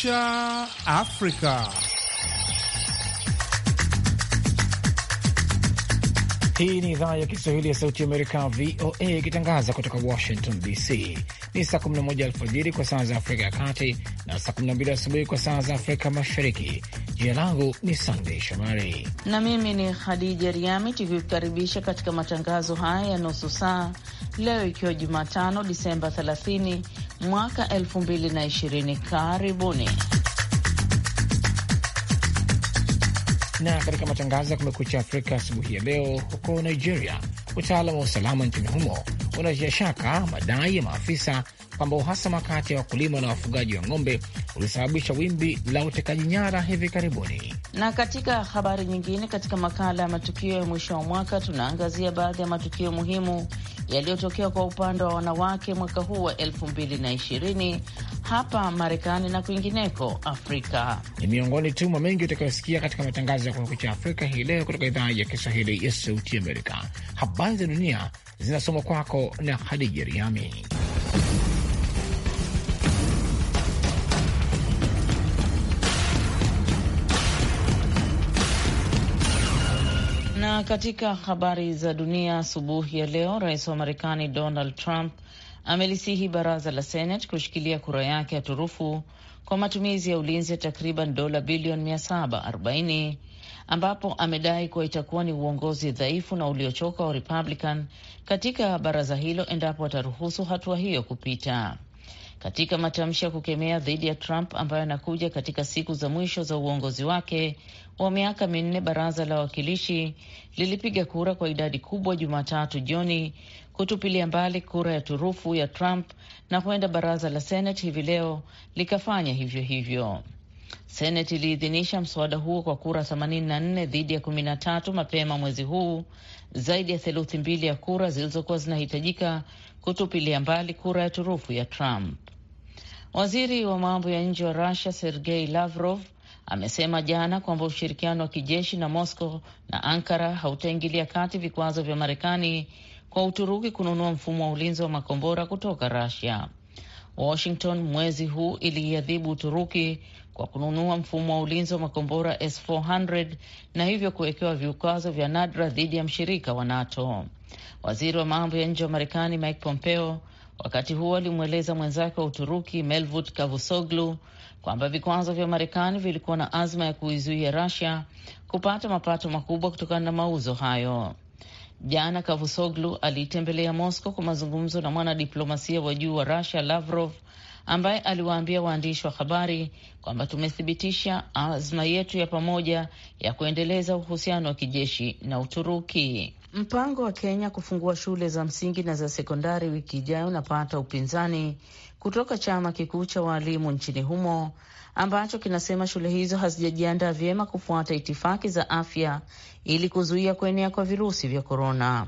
Kumekucha Afrika. Hii ni idhaa ya Kiswahili ya Sauti Amerika, VOA, ikitangaza kutoka Washington DC. Ni saa 11 alfajiri kwa saa za Afrika ya Kati na saa 12 asubuhi kwa saa za Afrika Mashariki. Jina langu ni Sandey Shomari na mimi ni Khadija Riami, tukikukaribisha katika matangazo haya ya nusu saa leo, ikiwa Jumatano Disemba 30 mwaka 2020. Karibuni na katika matangazo ya Kumekucha Afrika asubuhi ya leo, huko Nigeria, utaalam wa usalama nchini humo unatia shaka madai ya maafisa kwamba uhasama kati ya wakulima na wafugaji wa ng'ombe ulisababisha wimbi la utekaji nyara hivi karibuni. Na katika habari nyingine, katika makala ya matukio ya mwisho wa mwaka, tunaangazia baadhi ya matukio muhimu yaliyotokea kwa upande wa wanawake mwaka huu wa 220 hapa Marekani na kwingineko Afrika. Ni miongoni tu mwa mengi utakayosikia katika matangazo ya Kumekucha Afrika hii leo kutoka idhaa ya Kiswahili ya Sauti Amerika. Habari za dunia zinasoma kwako na Hadija Riami. katika habari za dunia asubuhi ya leo, rais wa Marekani Donald Trump amelisihi baraza la Senate kushikilia kura yake ya turufu kwa matumizi ya ulinzi ya takriban dola bilioni 740 ambapo amedai kuwa itakuwa ni uongozi dhaifu na uliochoka wa Republican katika baraza hilo endapo ataruhusu hatua hiyo kupita katika matamshi ya kukemea dhidi ya Trump ambayo anakuja katika siku za mwisho za uongozi wake wa miaka minne. Baraza la Wawakilishi lilipiga kura kwa idadi kubwa Jumatatu jioni kutupilia mbali kura ya turufu ya Trump na huenda baraza la Senate hivi leo likafanya hivyo hivyo. Senate iliidhinisha mswada huo kwa kura 84 dhidi ya 13 mapema mwezi huu, zaidi ya theluthi mbili ya kura zilizokuwa zinahitajika kutupilia mbali kura ya turufu ya Trump. Waziri wa mambo ya nje wa Rusia Sergei Lavrov amesema jana kwamba ushirikiano wa kijeshi na Moscow na Ankara hautaingilia kati vikwazo vya Marekani kwa Uturuki kununua mfumo wa ulinzi wa makombora kutoka Rusia. Washington mwezi huu iliiadhibu Uturuki kwa kununua mfumo wa ulinzi wa makombora S400 na hivyo kuwekewa vikwazo vya nadra dhidi ya mshirika wa NATO. Waziri wa mambo ya nje wa Marekani Mike Pompeo Wakati huo alimweleza mwenzake wa Uturuki Melvut kavusoglu kwamba vikwazo vya Marekani vilikuwa na azma ya kuizuia rasia kupata mapato makubwa kutokana na mauzo hayo. Jana kavusoglu aliitembelea Moscow kwa mazungumzo na mwanadiplomasia wa juu wa Russia Lavrov, ambaye aliwaambia waandishi wa habari kwamba tumethibitisha azma yetu ya pamoja ya kuendeleza uhusiano wa kijeshi na Uturuki. Mpango wa Kenya kufungua shule za msingi na za sekondari wiki ijayo unapata upinzani kutoka chama kikuu cha waalimu nchini humo ambacho kinasema shule hizo hazijajiandaa vyema kufuata itifaki za afya ili kuzuia kuenea kwa virusi vya korona.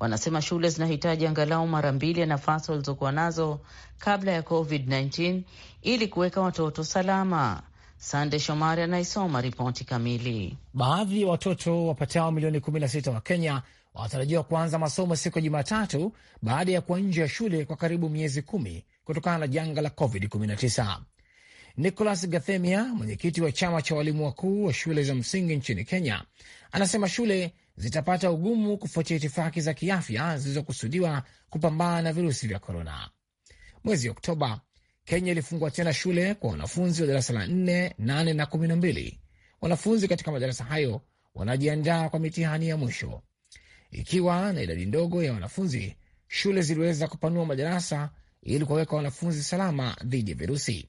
Wanasema shule zinahitaji angalau mara mbili ya nafasi walizokuwa nazo kabla ya COVID-19 ili kuweka watoto salama. Sande Shomari anaisoma ripoti kamili. Baadhi ya watoto wapatao milioni 16 wa Kenya wanatarajiwa kuanza masomo siku ya Jumatatu baada ya kuwa nje ya shule kwa karibu miezi kumi kutokana na janga la COVID-19. Nicholas Gathemia, mwenyekiti wa chama cha walimu wakuu wa shule za msingi nchini Kenya, anasema shule zitapata ugumu kufuatia itifaki za kiafya zilizokusudiwa kupambana na virusi vya korona. Mwezi Oktoba, Kenya ilifungua tena shule kwa wanafunzi wa darasa la 4, 8 na 12. Wanafunzi katika madarasa hayo wanajiandaa kwa mitihani ya mwisho. Ikiwa na idadi ndogo ya wanafunzi, shule ziliweza kupanua madarasa ili kuwaweka wanafunzi salama dhidi ya virusi.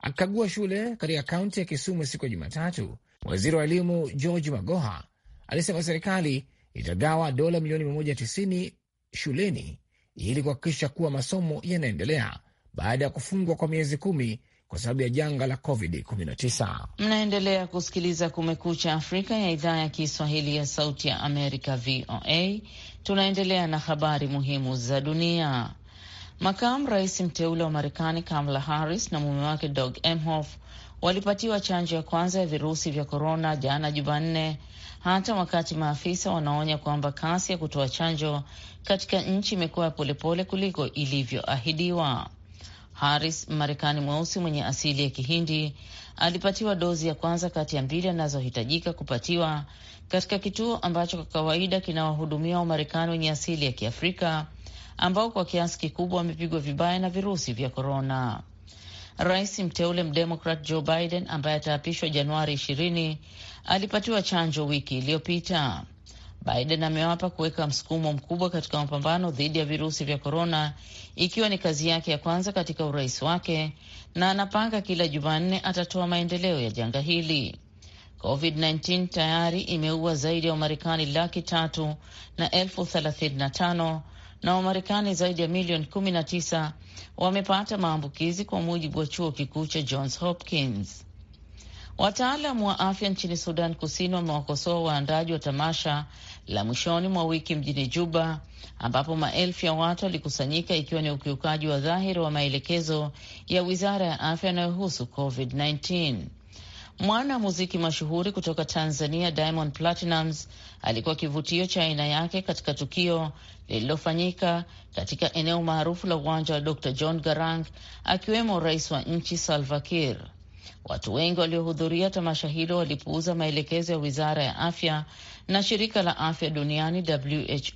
Akikagua shule katika kaunti ya Kisumu siku ya Jumatatu, waziri wa elimu George Magoha alisema serikali itagawa dola milioni 190 shuleni ili kuhakikisha kuwa masomo yanaendelea baada ya kufungwa kwa miezi kumi kwa sababu ya janga la COVID-19. Mnaendelea kusikiliza Kumekucha Afrika ya idhaa ya Kiswahili ya Sauti ya Amerika, VOA. Tunaendelea na habari muhimu za dunia. Makamu rais mteule wa Marekani Kamala Harris na mume wake Doug Emhoff walipatiwa chanjo ya kwanza ya virusi vya korona jana Jumanne, hata wakati maafisa wanaonya kwamba kasi ya kutoa chanjo katika nchi imekuwa polepole kuliko ilivyoahidiwa. Harris, Marekani mweusi mwenye asili ya Kihindi, alipatiwa dozi ya kwanza kati ya mbili anazohitajika kupatiwa katika kituo ambacho kwa kawaida kinawahudumia Wamarekani wenye asili ya Kiafrika ambao kwa kiasi kikubwa wamepigwa vibaya na virusi vya korona. Rais mteule mdemokrat Joe Biden ambaye ataapishwa Januari 20 alipatiwa chanjo wiki iliyopita. Biden amewapa kuweka msukumo mkubwa katika mapambano dhidi ya virusi vya korona, ikiwa ni kazi yake ya kwanza katika urais wake, na anapanga kila Jumanne atatoa maendeleo ya janga hili. COVID-19 tayari imeua zaidi ya Wamarekani laki tatu na elfu thelathini na tano na Wamarekani zaidi ya milioni 19 wamepata maambukizi kwa mujibu wa chuo kikuu cha Johns Hopkins. Wataalamu wa afya nchini Sudan Kusini wamewakosoa waandaji wa tamasha la mwishoni mwa wiki mjini Juba, ambapo maelfu ya watu walikusanyika ikiwa ni ukiukaji wa dhahiri wa maelekezo ya wizara ya afya yanayohusu COVID-19. Mwana muziki mashuhuri kutoka Tanzania Diamond Platinums, alikuwa kivutio cha aina yake katika tukio lililofanyika katika eneo maarufu la uwanja wa Dr John Garang, akiwemo rais wa nchi Salva Kiir. Watu wengi waliohudhuria tamasha hilo walipuuza maelekezo ya wizara ya afya na shirika la afya duniani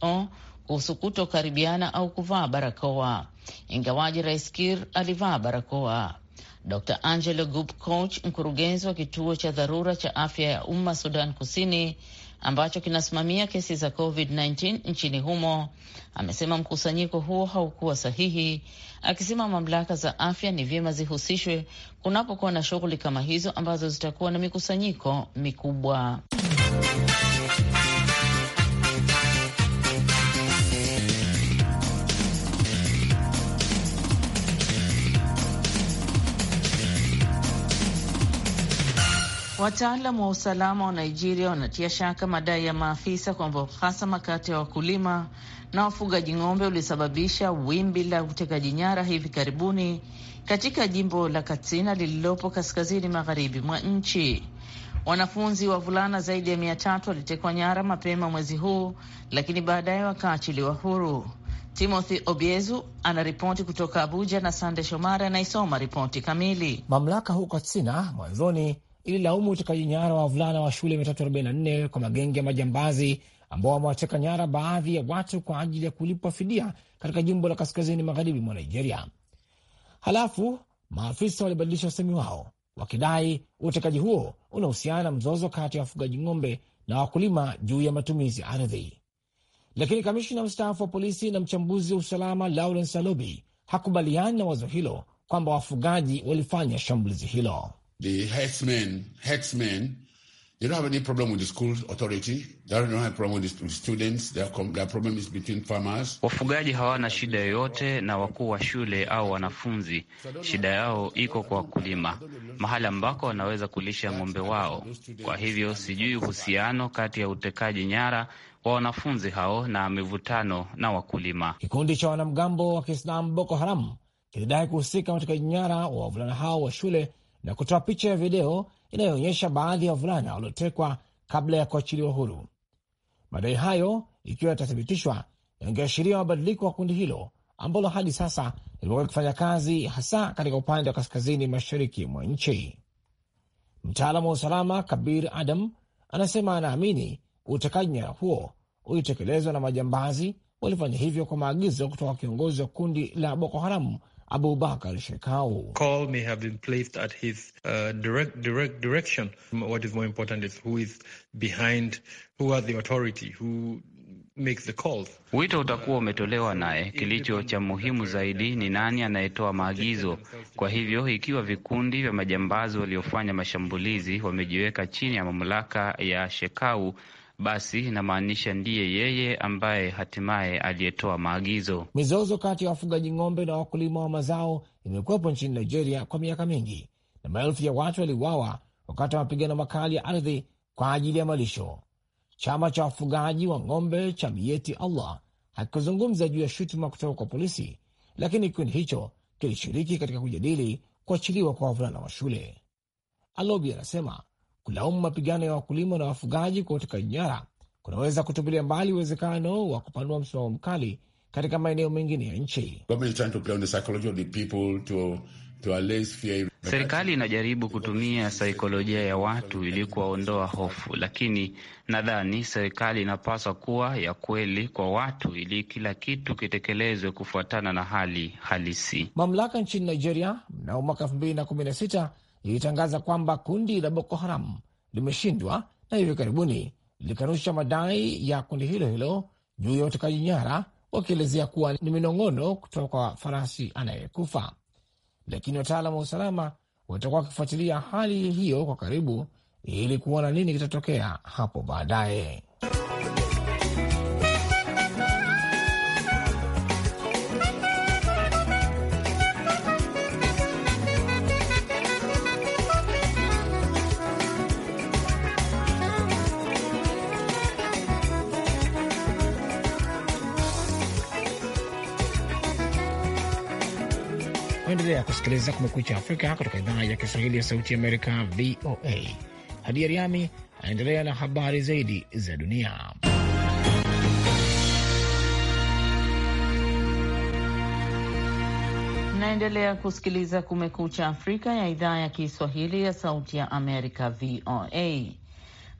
WHO kuhusu kutokaribiana au kuvaa barakoa, ingawaji Rais Kir alivaa barakoa. Dr Angelo Gub mkurugenzi wa kituo cha dharura cha afya ya umma Sudan Kusini, ambacho kinasimamia kesi za COVID-19 nchini humo, amesema mkusanyiko huo haukuwa sahihi, akisema mamlaka za afya ni vyema zihusishwe kunapokuwa na shughuli kama hizo ambazo zitakuwa na mikusanyiko mikubwa. Wataalam wa usalama wa Nigeria wanatia shaka madai ya maafisa kwamba uhasama kati ya wakulima na wafugaji ng'ombe ulisababisha wimbi la utekaji nyara hivi karibuni katika jimbo la Katsina lililopo kaskazini magharibi mwa nchi. Wanafunzi wavulana zaidi ya mia tatu walitekwa nyara mapema mwezi huu, lakini baadaye wakaachiliwa huru. Timothy Obiezu anaripoti kutoka Abuja na Sande Shomari anaisoma ripoti kamili. Mamlaka huko Katsina mwanzoni ililaumu utekaji nyara wa wavulana wa shule 344 kwa magenge ya majambazi ambao wamewateka nyara baadhi ya watu kwa ajili ya kulipwa fidia katika jimbo la kaskazini magharibi mwa Nigeria. Halafu maafisa walibadilisha usemi wao wakidai utekaji huo unahusiana na mzozo kati ya wafugaji ng'ombe na wakulima juu ya matumizi ya ardhi. Lakini kamishina mstaafu wa polisi na mchambuzi wa usalama Lawrence Alobi hakubaliani na wazo hilo kwamba wafugaji walifanya shambulizi hilo the headsmen, headsmen, they don't have any problem with the school authority. They don't have problem with the students. Their, their problem is between farmers. Wafugaji hawana shida yoyote na wakuu wa shule au wanafunzi. Shida yao iko kwa wakulima, mahali ambako wanaweza kulisha ng'ombe wao. Kwa hivyo sijui uhusiano kati ya utekaji nyara wa wanafunzi hao na mivutano na wakulima. Kikundi cha wanamgambo wa Kiislamu Boko Haram kilidai kuhusika na utekaji nyara wa wavulana hao wa shule na kutoa picha ya video inayoonyesha baadhi ya wavulana waliotekwa kabla ya kuachiliwa huru. Madai hayo ikiwa yatathibitishwa, yangeashiria mabadiliko wa kundi hilo ambalo hadi sasa limekuwa likifanya kazi hasa katika upande wa kaskazini mashariki mwa nchi. Mtaalamu wa usalama Kabir Adam anasema anaamini utekaji nyara huo ulitekelezwa na majambazi. Walifanya hivyo kwa maagizo kutoka kiongozi wa kundi la Boko Haramu Abubakar Shekau. Wito utakuwa umetolewa naye. Kilicho cha muhimu zaidi ni nani anayetoa maagizo. Kwa hivyo, ikiwa vikundi vya majambazi waliofanya mashambulizi wamejiweka chini ya mamlaka ya Shekau basi inamaanisha ndiye yeye ambaye hatimaye aliyetoa maagizo. Mizozo kati ya wafugaji ng'ombe na wakulima wa mazao imekuwepo nchini Nigeria kwa miaka mingi, na maelfu ya watu waliuawa wakati wa mapigano makali ya ardhi kwa ajili ya malisho. Chama cha wafugaji wa ng'ombe cha Mieti Allah hakikuzungumza juu ya shutuma kutoka kwa polisi, lakini kikundi hicho kilishiriki katika kujadili kuachiliwa kwa wavulana wa shule. Alobi anasema kulaumu mapigano ya wakulima na wafugaji kwa utekaji nyara kunaweza kutupilia mbali uwezekano wa kupanua msimamo mkali katika maeneo mengine ya nchi. Serikali inajaribu kutumia saikolojia ya watu ili kuwaondoa hofu, lakini nadhani serikali inapaswa kuwa ya kweli kwa watu ili kila kitu kitekelezwe kufuatana na hali halisi. Mamlaka nchini Nigeria mnao mwaka elfu mbili na kumi na sita lilitangaza kwamba kundi la Boko Haram limeshindwa na hivi karibuni likanusha madai ya kundi hilo hilo juu ya utekaji nyara, wakielezea kuwa ni minong'ono kutoka kwa farasi anayekufa. Lakini wataalam wa usalama watakuwa wakifuatilia hali hiyo kwa karibu ili kuona nini kitatokea hapo baadaye. unasikiliza Kumekucha Afrika kutoka idhaa ya Kiswahili ya Sauti Amerika, VOA. Hadi Ariami anaendelea na habari zaidi za dunia. Naendelea kusikiliza Kumekucha Afrika ya idhaa ya Kiswahili ya Sauti ya Amerika, VOA.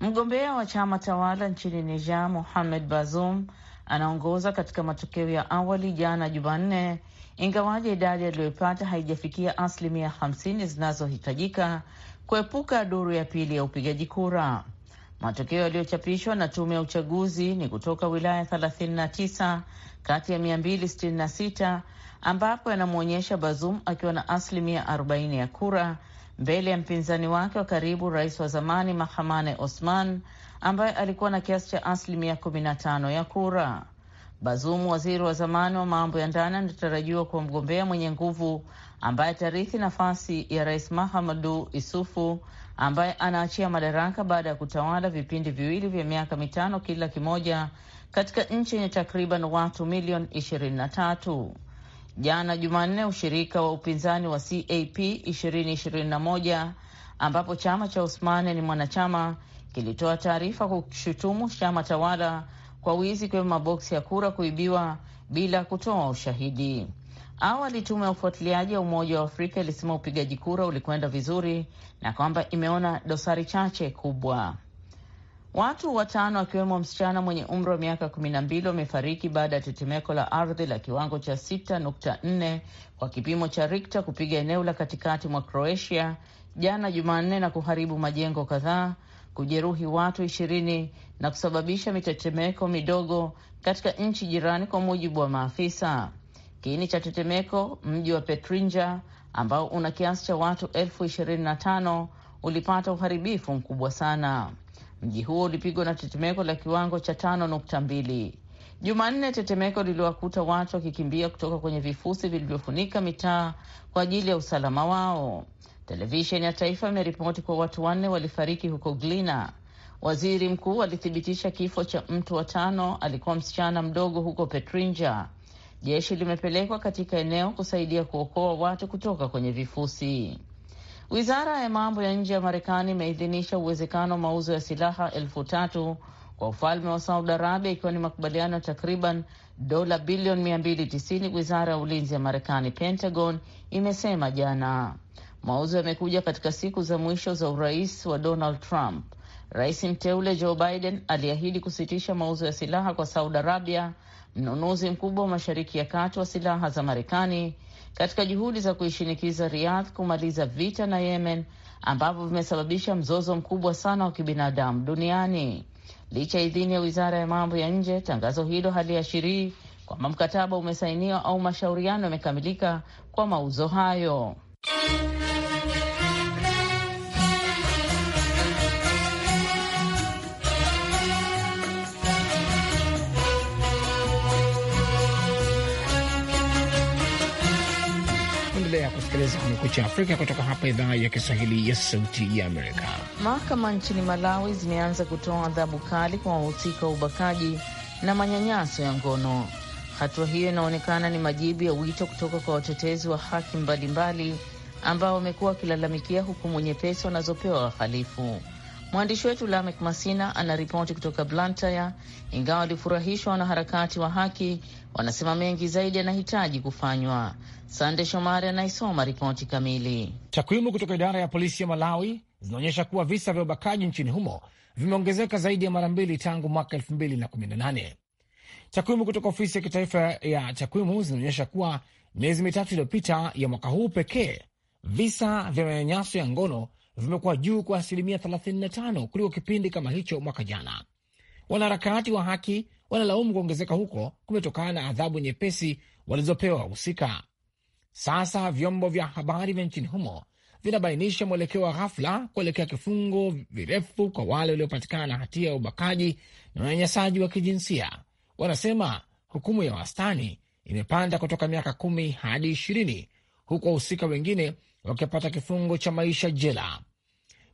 Mgombea wa chama tawala nchini Niger, Mohamed Bazoum, anaongoza katika matokeo ya awali jana Jumanne ingawaje idadi yaliyoipata haijafikia asilimia hamsini zinazohitajika kuepuka duru ya pili ya upigaji kura. Matokeo yaliyochapishwa na tume ya uchaguzi ni kutoka wilaya 39 kati ya 266 ambapo yanamwonyesha bazum akiwa na asilimia 40 ya kura mbele ya mpinzani wake wa karibu, rais wa zamani Mahamane Osman ambaye alikuwa na kiasi cha asilimia 15 ya kura. Bazoum, waziri wa zamani wa mambo ya ndani, anatarajiwa kuwa mgombea mwenye nguvu ambaye atarithi nafasi ya rais Mahamadu Isufu ambaye anaachia madaraka baada ya kutawala vipindi viwili vya miaka mitano kila kimoja katika nchi yenye takriban watu milioni 23. Jana Jumanne, ushirika wa upinzani wa CAP 2021 ambapo chama cha Usmane ni mwanachama kilitoa taarifa kushutumu chama tawala kwa wizi, ikiwemo maboksi ya kura kuibiwa bila kutoa ushahidi. Awali tume ya ufuatiliaji ya Umoja wa Afrika ilisema upigaji kura ulikwenda vizuri na kwamba imeona dosari chache kubwa. Watu watano akiwemo msichana mwenye umri wa miaka kumi na mbili wamefariki baada ya tetemeko la ardhi la kiwango cha 6.4 kwa kipimo cha Richter kupiga eneo la katikati mwa Croatia jana Jumanne na kuharibu majengo kadhaa kujeruhi watu ishirini na kusababisha mitetemeko midogo katika nchi jirani, kwa mujibu wa maafisa. Kiini cha tetemeko, mji wa Petrinja ambao una kiasi cha watu elfu ishirini na tano ulipata uharibifu mkubwa sana. Mji huo ulipigwa na tetemeko la kiwango cha tano nukta mbili Jumanne, tetemeko liliwakuta watu wakikimbia kutoka kwenye vifusi vilivyofunika mitaa kwa ajili ya usalama wao. Televisheni ya taifa imeripoti kuwa watu wanne walifariki huko Glina. Waziri mkuu alithibitisha kifo cha mtu watano, alikuwa msichana mdogo huko Petrinja. Jeshi limepelekwa katika eneo kusaidia kuokoa watu kutoka kwenye vifusi. Wizara ya mambo ya nje ya Marekani imeidhinisha uwezekano wa mauzo ya silaha elfu tatu kwa ufalme wa Saudi Arabia, ikiwa ni makubaliano ya takriban dola bilioni 290, wizara ya ulinzi ya Marekani, Pentagon, imesema jana. Mauzo yamekuja katika siku za mwisho za urais wa Donald Trump. Rais mteule Joe Biden aliahidi kusitisha mauzo ya silaha kwa Saudi Arabia, mnunuzi mkubwa wa Mashariki ya Kati wa silaha za Marekani, katika juhudi za kuishinikiza Riyadh kumaliza vita na Yemen ambavyo vimesababisha mzozo mkubwa sana wa kibinadamu duniani. Licha ya idhini ya wizara ya mambo ya nje, tangazo hilo haliashirii kwamba mkataba umesainiwa au mashauriano yamekamilika kwa mauzo hayo. Unaendelea kusikiliza Kumekucha Afrika kutoka hapa idhaa ya Kiswahili ya Sauti ya Amerika. Mahakama nchini Malawi zimeanza kutoa adhabu kali kwa wahusika wa ubakaji na manyanyaso ya ngono. Hatua hiyo inaonekana ni majibu ya wito kutoka kwa watetezi wa haki mbalimbali ambao wamekuwa wakilalamikia hukumu nyepesi wanazopewa wahalifu. Mwandishi wetu Lamek Masina anaripoti kutoka Blantyre. Ingawa walifurahishwa, wanaharakati wa haki wanasema mengi zaidi yanahitaji kufanywa. Sande Shomari anaisoma ripoti kamili. Takwimu kutoka idara ya polisi ya Malawi zinaonyesha kuwa visa vya ubakaji nchini humo vimeongezeka zaidi ya mara mbili tangu mwaka 2018. Takwimu kutoka ofisi ya kitaifa ya takwimu zinaonyesha kuwa miezi mitatu iliyopita ya mwaka huu pekee visa vya manyanyaso ya ngono vimekuwa juu kwa asilimia 35 kuliko kipindi kama hicho mwaka jana. Wanaharakati wa haki wanalaumu kuongezeka huko kumetokana na adhabu nyepesi walizopewa wahusika. Sasa vyombo vya habari vya nchini humo vinabainisha mwelekeo wa ghafla kuelekea kifungo virefu kwa wale waliopatikana na hatia ya ubakaji na unyanyasaji wa kijinsia. Wanasema hukumu ya wastani imepanda kutoka miaka kumi hadi ishirini huku wahusika wengine wakipata kifungo cha maisha jela.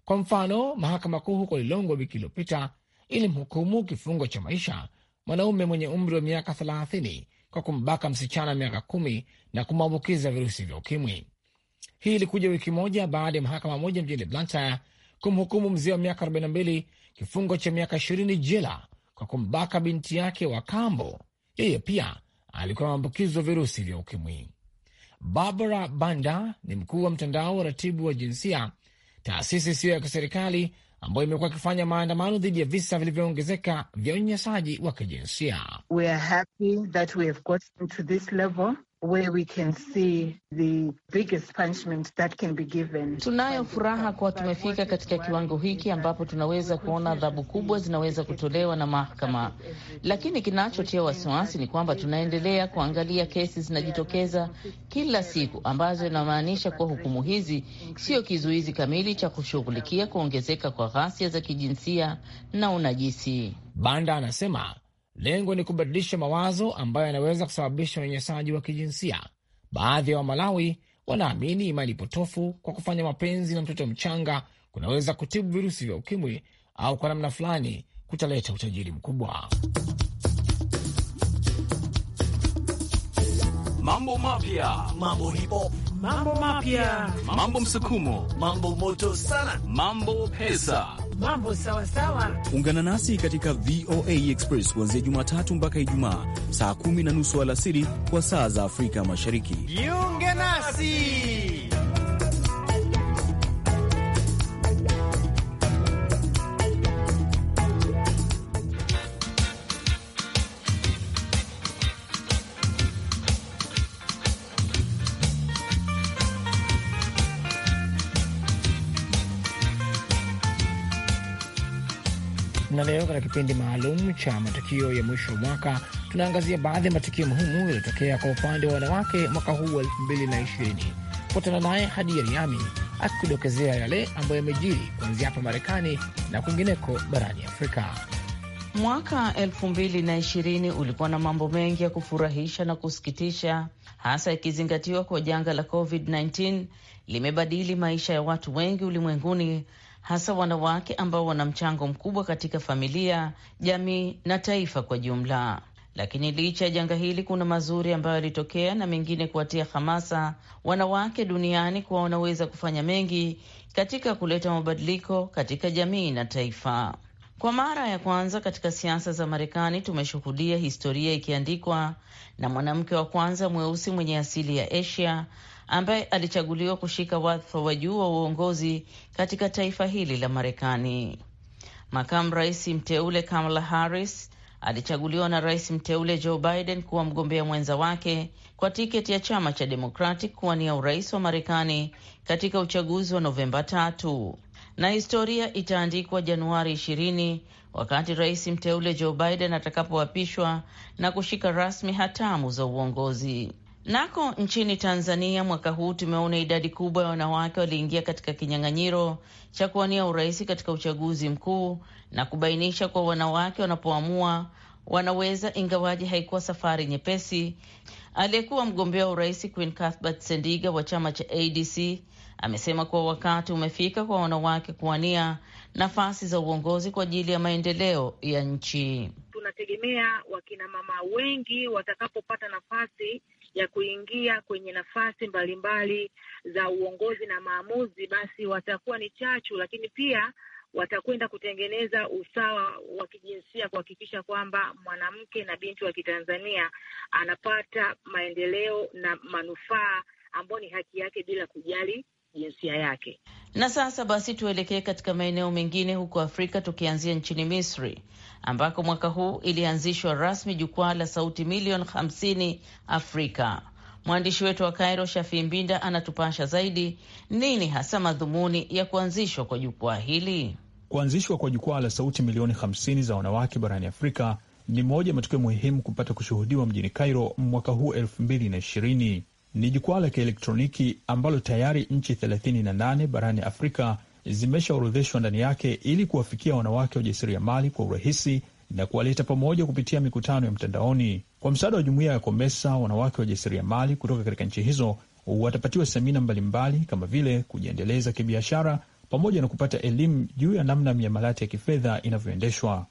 Kwa mfano, mahakama kuu huko Lilongwe wiki iliyopita ilimhukumu kifungo cha maisha mwanaume mwenye umri wa miaka 30 kwa kumbaka msichana miaka kumi na kumwambukiza virusi vya ukimwi. Hii ilikuja wiki moja baada ya mahakama moja mjini Blantyre kumhukumu mzee wa miaka 42 kifungo cha miaka 20 jela kwa kumbaka binti yake wa kambo. Yeye pia alikuwa maambukizo virusi vya ukimwi. Barbara Banda ni mkuu wa mtandao wa ratibu wa jinsia taasisi isiyo ya kiserikali ambayo imekuwa ikifanya maandamano dhidi ya visa vilivyoongezeka vya unyanyasaji wa kijinsia where we can see the biggest punishment that can be given. Tunayo furaha kuwa tumefika katika kiwango hiki ambapo tunaweza kuona adhabu kubwa zinaweza kutolewa na mahakama, lakini kinachotia wasiwasi ni kwamba tunaendelea kuangalia kesi zinajitokeza kila siku, ambazo inamaanisha kuwa hukumu hizi sio kizuizi kamili cha kushughulikia kuongezeka kwa ghasia za kijinsia na unajisi. Banda anasema Lengo ni kubadilisha mawazo ambayo yanaweza kusababisha unyanyasaji wa kijinsia. Baadhi ya wa Wamalawi wanaamini imani potofu kwa kufanya mapenzi na mtoto mchanga kunaweza kutibu virusi vya ukimwi au kwa namna fulani kutaleta utajiri mkubwa. Mambo mapya, mambo hipo, mambo mapya, mambo msukumo, mambo moto sana, mambo pesa mambo sawa sawa. Ungana nasi katika VOA Express kuanzia Jumatatu mpaka Ijumaa saa kumi na nusu alasiri kwa saa za Afrika Mashariki. Jiunge nasi. na leo katika kipindi maalum cha matukio ya mwisho wa mwaka tunaangazia baadhi ya matukio muhimu yaliyotokea kwa upande wa wanawake mwaka huu wa 2020. Kutana naye Hadi Yariami akidokezea yale ambayo yamejiri kuanzia hapa Marekani na kwingineko barani Afrika. Mwaka 220 ulikuwa na mambo mengi ya kufurahisha na kusikitisha, hasa ikizingatiwa kwa janga la COVID-19 limebadili maisha ya watu wengi ulimwenguni hasa wanawake ambao wana mchango mkubwa katika familia, jamii na taifa kwa jumla. Lakini licha ya janga hili, kuna mazuri ambayo yalitokea na mengine kuwatia hamasa wanawake duniani kuwa wanaweza kufanya mengi katika kuleta mabadiliko katika jamii na taifa. Kwa mara ya kwanza katika siasa za Marekani tumeshuhudia historia ikiandikwa na mwanamke wa kwanza mweusi mwenye asili ya Asia ambaye alichaguliwa kushika wadhifa wa juu wa uongozi katika taifa hili la Marekani. Makamu rais mteule Kamala Harris alichaguliwa na rais mteule Joe Biden kuwa mgombea mwenza wake kwa tiketi ya chama cha Democratic kuwania urais wa Marekani katika uchaguzi wa Novemba tatu na historia itaandikwa Januari 20 wakati rais mteule Joe Biden atakapoapishwa na kushika rasmi hatamu za uongozi. Nako nchini Tanzania mwaka huu tumeona idadi kubwa ya wanawake waliingia katika kinyang'anyiro cha kuwania urais katika uchaguzi mkuu na kubainisha kwa wanawake wanapoamua wanaweza, ingawaji haikuwa safari nyepesi. Aliyekuwa mgombea wa urais Queen Cuthbert Sendiga wa chama cha ADC amesema kuwa wakati umefika kwa wanawake kuwania nafasi za uongozi kwa ajili ya maendeleo ya nchi. Tunategemea wakinamama wengi watakapopata nafasi ya kuingia kwenye nafasi mbalimbali za uongozi na maamuzi, basi watakuwa ni chachu, lakini pia watakwenda kutengeneza usawa wa kijinsia, kuhakikisha kwamba mwanamke na binti wa Kitanzania anapata maendeleo na manufaa ambayo ni haki yake bila kujali jinsia yake. Na sasa basi tuelekee katika maeneo mengine huko Afrika, tukianzia nchini Misri ambako mwaka huu ilianzishwa rasmi jukwaa la sauti milioni 50 Afrika. Mwandishi wetu wa Cairo, Shafii Mbinda, anatupasha zaidi. Nini hasa madhumuni ya kuanzishwa kwa jukwaa hili? Kuanzishwa kwa jukwaa la sauti milioni 50 za wanawake barani Afrika ni moja ya matukio muhimu kupata kushuhudiwa mjini Cairo mwaka huu 2020 ni jukwaa la kielektroniki ambalo tayari nchi 38 barani Afrika zimeshaorodheshwa ndani yake ili kuwafikia wanawake wajasiriamali kwa urahisi na kuwaleta pamoja kupitia mikutano ya mtandaoni. Kwa msaada wa jumuiya ya Komesa, wanawake wajasiriamali kutoka katika nchi hizo watapatiwa semina mbalimbali kama vile kujiendeleza kibiashara pamoja na kupata elimu juu ya namna miamalati ya kifedha inavyoendeshwa.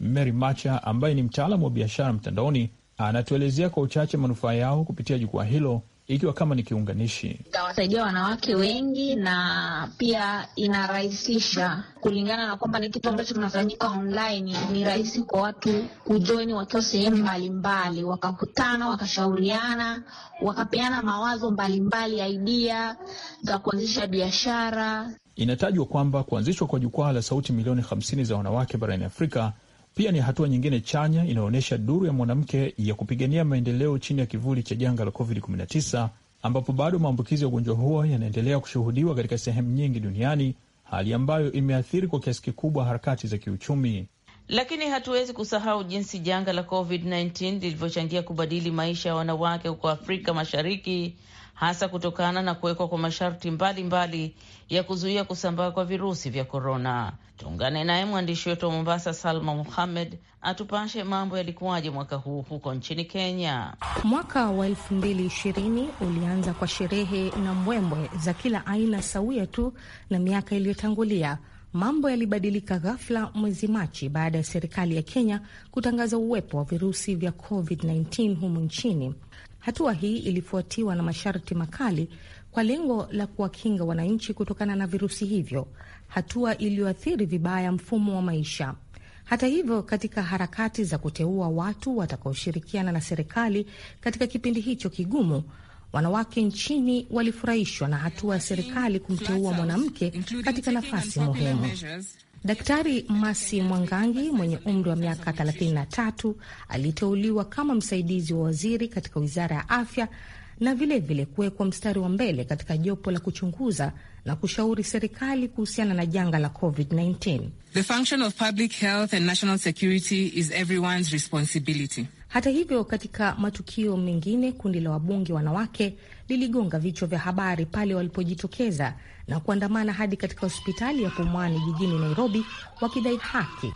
Mary Macha ambaye ni mtaalamu wa biashara mtandaoni anatuelezea kwa uchache manufaa yao kupitia jukwaa hilo ikiwa kama ni kiunganishi, itawasaidia wanawake wengi na pia inarahisisha, kulingana na kwamba ni kitu ambacho kinafanyika online. Ni rahisi kwa watu kujoini wakiwa sehemu mbalimbali, wakakutana, wakashauriana, wakapeana mawazo mbalimbali, idia za kuanzisha biashara. Inatajwa kwamba kuanzishwa kwa jukwaa la sauti milioni 50 za wanawake barani Afrika pia ni hatua nyingine chanya inayoonyesha duru ya mwanamke ya kupigania maendeleo chini ya kivuli cha janga la COVID-19 ambapo bado maambukizi ya ugonjwa huo yanaendelea kushuhudiwa katika sehemu nyingi duniani, hali ambayo imeathiri kwa kiasi kikubwa harakati za kiuchumi. Lakini hatuwezi kusahau jinsi janga la COVID-19 lilivyochangia kubadili maisha ya wanawake huko Afrika Mashariki, hasa kutokana na kuwekwa kwa masharti mbalimbali mbali ya kuzuia kusambaa kwa virusi vya korona. Tuungane naye mwandishi wetu wa Mombasa, Salma Muhammed, atupashe mambo yalikuwaje mwaka huu huko nchini Kenya. Mwaka wa elfu mbili ishirini ulianza kwa sherehe na mbwembwe za kila aina, sawia tu na miaka iliyotangulia. Mambo yalibadilika ghafla mwezi Machi baada ya serikali ya Kenya kutangaza uwepo wa virusi vya COVID-19 humu nchini. Hatua hii ilifuatiwa na masharti makali kwa lengo la kuwakinga wananchi kutokana na virusi hivyo, hatua iliyoathiri vibaya mfumo wa maisha. Hata hivyo, katika harakati za kuteua watu watakaoshirikiana na serikali katika kipindi hicho kigumu, wanawake nchini walifurahishwa na hatua ya serikali kumteua mwanamke katika nafasi muhimu. Daktari Masi Mwangangi mwenye umri wa miaka 33 aliteuliwa kama msaidizi wa waziri katika wizara ya afya na vilevile kuwekwa mstari wa mbele katika jopo la kuchunguza na kushauri serikali kuhusiana na janga la COVID-19. The function of public health and national security is everyone's responsibility. Hata hivyo, katika matukio mengine, kundi la wabunge wanawake liligonga vichwa vya habari pale walipojitokeza na kuandamana hadi katika hospitali ya Pumwani jijini Nairobi wakidai haki.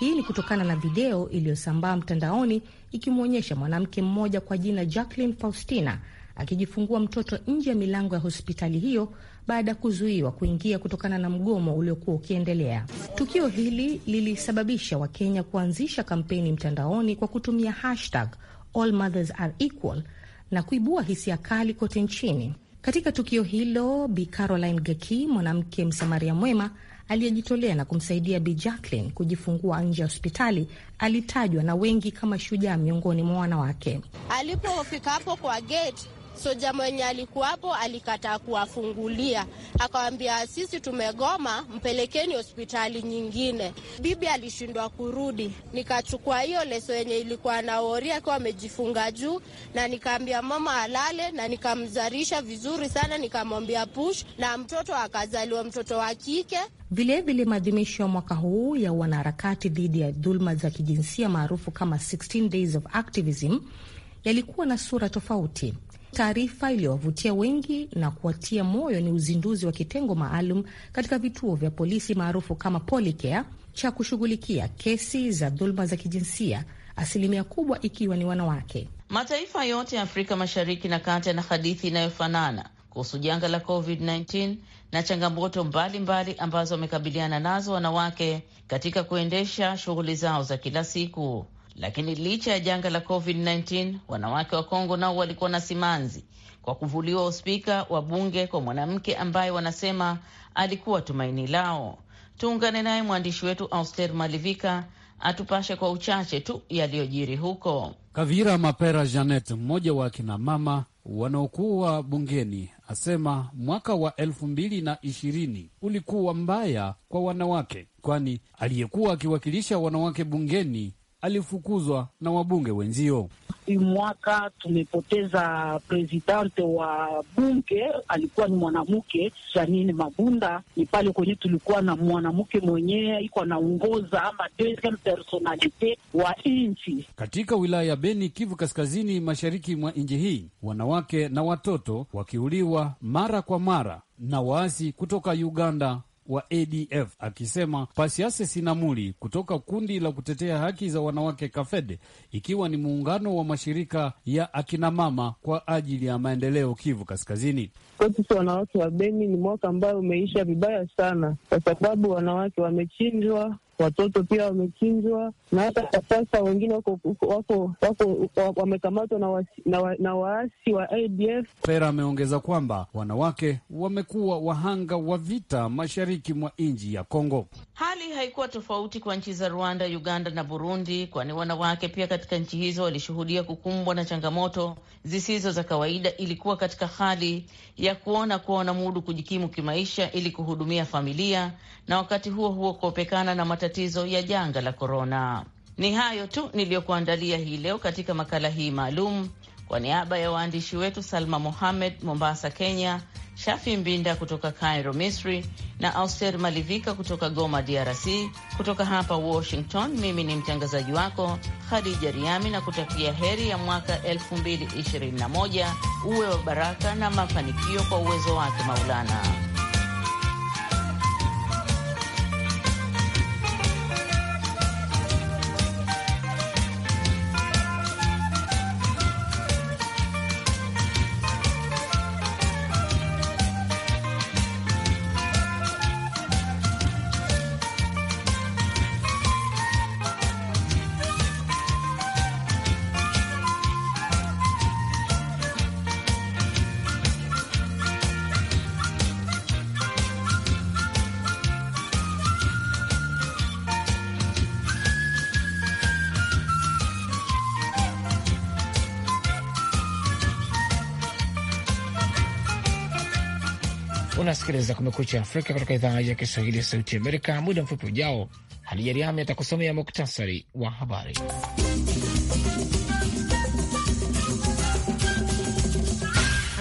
Hii ni kutokana na video iliyosambaa mtandaoni ikimwonyesha mwanamke mmoja kwa jina Jacqueline Faustina akijifungua mtoto nje ya milango ya hospitali hiyo baada ya kuzuiwa kuingia kutokana na mgomo uliokuwa ukiendelea. Tukio hili lilisababisha Wakenya kuanzisha kampeni mtandaoni kwa kutumia hashtag All Mothers Are Equal na kuibua hisia kali kote nchini. Katika tukio hilo, Bi Caroline Geki, mwanamke msamaria mwema aliyejitolea na kumsaidia Bi Jacqueline kujifungua nje ya hospitali, alitajwa na wengi kama shujaa miongoni mwa wanawake. Alipofika hapo kwa gate, soja mwenye alikuwapo alikataa kuwafungulia, akawambia sisi tumegoma, mpelekeni hospitali nyingine. Bibi alishindwa kurudi, nikachukua hiyo leso yenye ilikuwa naoria akiwa amejifunga juu, na nikaambia mama alale, na nikamzarisha vizuri sana, nikamwambia push, na mtoto akazaliwa, mtoto wa kike. Vilevile, maadhimisho ya mwaka huu ya wanaharakati dhidi ya dhuluma za kijinsia maarufu kama 16 Days of Activism yalikuwa na sura tofauti. Taarifa iliyowavutia wengi na kuwatia moyo ni uzinduzi wa kitengo maalum katika vituo vya polisi maarufu kama Policare cha kushughulikia kesi za dhuluma za kijinsia, asilimia kubwa ikiwa ni wanawake. Mataifa yote ya Afrika Mashariki na Kati yana hadithi inayofanana kuhusu janga la COVID-19 na changamoto mbalimbali ambazo wamekabiliana nazo wanawake katika kuendesha shughuli zao za kila siku. Lakini licha ya janga la COVID-19, wanawake wa Kongo nao walikuwa na simanzi kwa kuvuliwa uspika wa bunge kwa mwanamke ambaye wanasema alikuwa tumaini lao. Tuungane naye mwandishi wetu Auster Malivika atupashe kwa uchache tu yaliyojiri huko Kavira. Mapera Janet, mmoja wa akinamama wanaokuwa bungeni, asema mwaka wa elfu mbili na ishirini ulikuwa mbaya kwa wanawake, kwani aliyekuwa akiwakilisha wanawake bungeni alifukuzwa na wabunge wenzio. Huyu mwaka tumepoteza presidente wa bunge, alikuwa ni mwanamke Janine Mabunda. Ni pale kwenye tulikuwa na mwanamke mwenyewe iko anaongoza ama personalite wa nchi. Katika wilaya ya Beni, Kivu Kaskazini, mashariki mwa nchi hii, wanawake na watoto wakiuliwa mara kwa mara na waasi kutoka Uganda wa ADF akisema Pasiase Sinamuli kutoka kundi la kutetea haki za wanawake KAFEDE, ikiwa ni muungano wa mashirika ya akinamama kwa ajili ya maendeleo Kivu Kaskazini. Kwetu sisi wanawake wa Beni ni mwaka ambayo umeisha vibaya sana, kwa sababu wanawake wamechinjwa watoto pia wamechinjwa, na hata kwa sasa wengine wako wako wako wamekamatwa na, na, na waasi wa ADF. Pera ameongeza kwamba wanawake wamekuwa wahanga wa vita mashariki mwa nchi ya Kongo. Hali haikuwa tofauti kwa nchi za Rwanda, Uganda na Burundi, kwani wanawake pia katika nchi hizo walishuhudia kukumbwa na changamoto zisizo za kawaida. Ilikuwa katika hali ya kuona kuwa wanamudu kujikimu kimaisha ili kuhudumia familia na wakati huo huo kuopekana na matatizo ya janga la korona. Ni hayo tu niliyokuandalia hii leo katika makala hii maalum. Kwa niaba ya waandishi wetu Salma Mohamed Mombasa, Kenya, Shafi Mbinda kutoka Cairo, Misri, na Auster Malivika kutoka Goma, DRC. Kutoka hapa Washington, mimi ni mtangazaji wako Khadija Riami na kutakia heri ya mwaka 2021 uwe wa baraka na mafanikio kwa uwezo wake Maulana. Unasikiliza Kumekucha Afrika kutoka idhaa ya Kiswahili ya Sauti Amerika. Muda mfupi ujao, Hadija Riami atakusomea muktasari wa habari.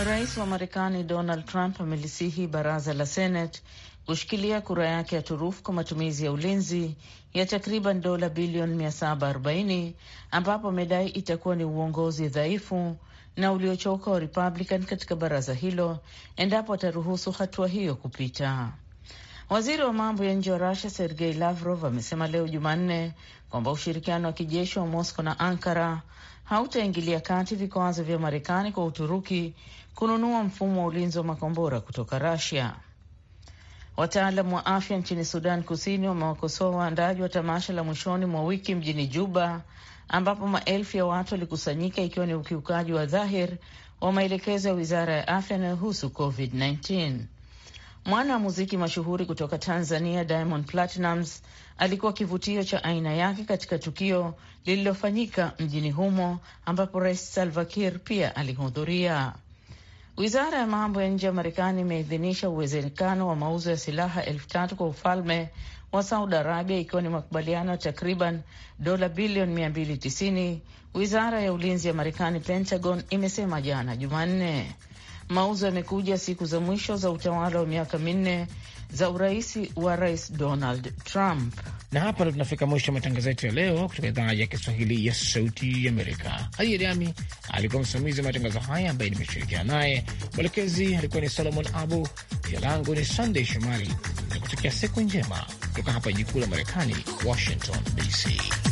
Rais wa Marekani Donald Trump amelisihi baraza la Senate kushikilia kura yake ya turufu kwa matumizi ya ulinzi ya takriban dola bilioni 740 ambapo amedai itakuwa ni uongozi dhaifu na uliochoka wa Republican katika baraza hilo endapo ataruhusu hatua hiyo kupita. Waziri wa mambo ya nje wa Russia Sergei Lavrov amesema leo Jumanne kwamba ushirikiano wa kijeshi wa Moscow na Ankara hautaingilia kati vikwazo vya Marekani kwa Uturuki kununua mfumo wa ulinzi wa makombora kutoka Russia. Wataalamu wa afya nchini Sudan Kusini wamewakosoa waandaji wa tamasha la mwishoni mwa wiki mjini Juba ambapo maelfu ya watu walikusanyika ikiwa ni ukiukaji wa dhahir wa maelekezo ya wizara ya afya yanayohusu COVID-19. Mwana wa muziki mashuhuri kutoka Tanzania, Diamond Platnumz, alikuwa kivutio cha aina yake katika tukio lililofanyika mjini humo ambapo Rais Salva Kiir pia alihudhuria. Wizara ya mambo ya nje ya Marekani imeidhinisha uwezekano wa mauzo ya silaha elfu tatu kwa ufalme wa Saudi Arabia, ikiwa ni makubaliano ya takriban dola bilioni 290, wizara ya ulinzi ya Marekani, Pentagon, imesema jana Jumanne. Mauzo yamekuja siku za mwisho za utawala wa miaka minne za uraisi wa rais Donald Trump. Na hapa ndo tunafika mwisho wa matangazo yetu ya leo kutoka idhaa ya Kiswahili ya Sauti ya Amerika. Hadi Riami alikuwa msimamizi wa matangazo haya ambaye nimeshirikiana naye. Mwelekezi alikuwa ni Solomon Abu. Jina langu ni Sandey Shomari na kutokea siku njema kutoka hapa jikuu la Marekani, Washington DC.